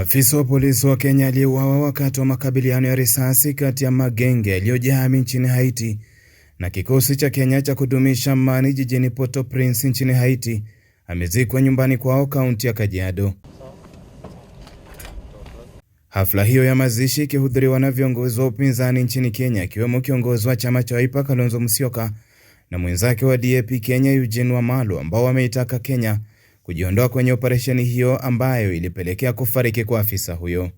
Afisa wa polisi wa Kenya aliyeuawa wakati wa makabiliano ya risasi kati ya magenge yaliyojihami nchini Haiti na kikosi cha Kenya cha kudumisha amani jijini Port-au-Prince nchini Haiti amezikwa nyumbani kwao kaunti ya Kajiado. Hafla hiyo ya mazishi ikihudhuriwa na viongozi wa upinzani nchini Kenya akiwemo kiongozi wa chama cha Wiper Kalonzo Musyoka na mwenzake wa DAP Kenya Eugene Wamalwa ambao wameitaka Kenya kujiondoa kwenye operesheni hiyo ambayo ilipelekea kufariki kwa afisa huyo.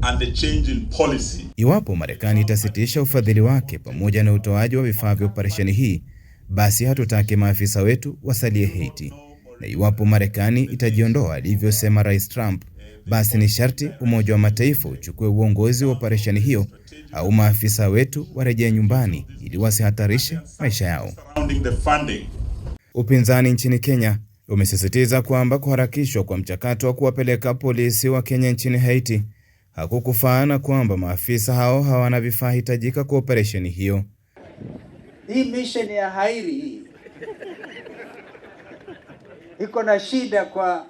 And the change in policy. Iwapo Marekani itasitisha ufadhili wake pamoja na utoaji wa vifaa vya operesheni hii, basi hatutaki maafisa wetu wasalie Haiti. Na iwapo Marekani itajiondoa, alivyosema Rais Trump, basi ni sharti Umoja wa Mataifa uchukue uongozi wa operesheni hiyo au maafisa wetu warejee nyumbani ili wasihatarishe maisha yao. Upinzani nchini Kenya umesisitiza kwamba kuharakishwa kwa mchakato wa kuwapeleka polisi wa Kenya nchini Haiti hakukufaa na kwamba maafisa hao hawana vifaa hitajika kwa operesheni hiyo. Hii misheni ya hairi hii iko na shida kwa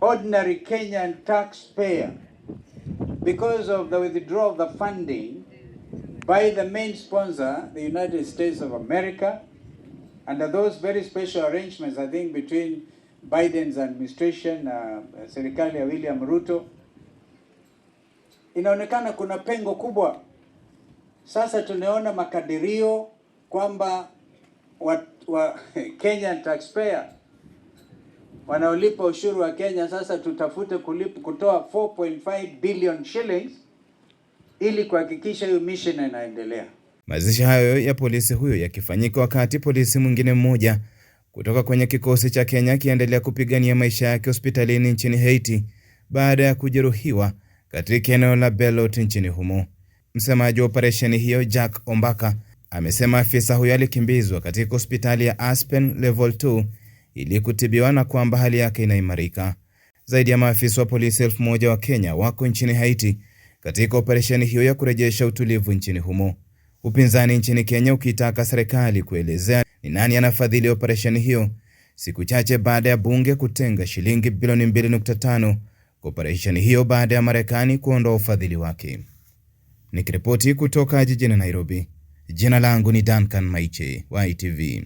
ordinary Kenyan taxpayer because of the withdrawal of the funding by the main sponsor the United States of America under those very special arrangements, I think between Biden's administration na uh, uh, serikali ya William Ruto inaonekana kuna pengo kubwa. Sasa tunaona makadirio kwamba wa, wa Kenyan taxpayer wanaolipa ushuru wa Kenya sasa tutafute kulipa, kutoa 4.5 billion shillings ili kuhakikisha hiyo mission inaendelea. Mazishi hayo ya polisi huyo yakifanyika wakati polisi mwingine mmoja kutoka kwenye kikosi cha Kenya akiendelea kupigania maisha yake hospitalini nchini Haiti baada ya kujeruhiwa katika eneo la Belot nchini humo. Msemaji wa operesheni hiyo Jack Ombaka amesema afisa huyo alikimbizwa katika hospitali ya Aspen Level 2 ili kutibiwa na kwamba hali yake inaimarika. Zaidi ya maafisa wa polisi elfu moja wa Kenya wako nchini Haiti katika operesheni hiyo ya kurejesha utulivu nchini humo upinzani nchini Kenya ukiitaka serikali kuelezea ni nani anafadhili operesheni hiyo, siku chache baada ya bunge kutenga shilingi bilioni 2.5 kwa operesheni hiyo baada ya Marekani kuondoa ufadhili wake. Nikiripoti kutoka jijini Nairobi, jina langu ni Duncan Maiche wa ITV.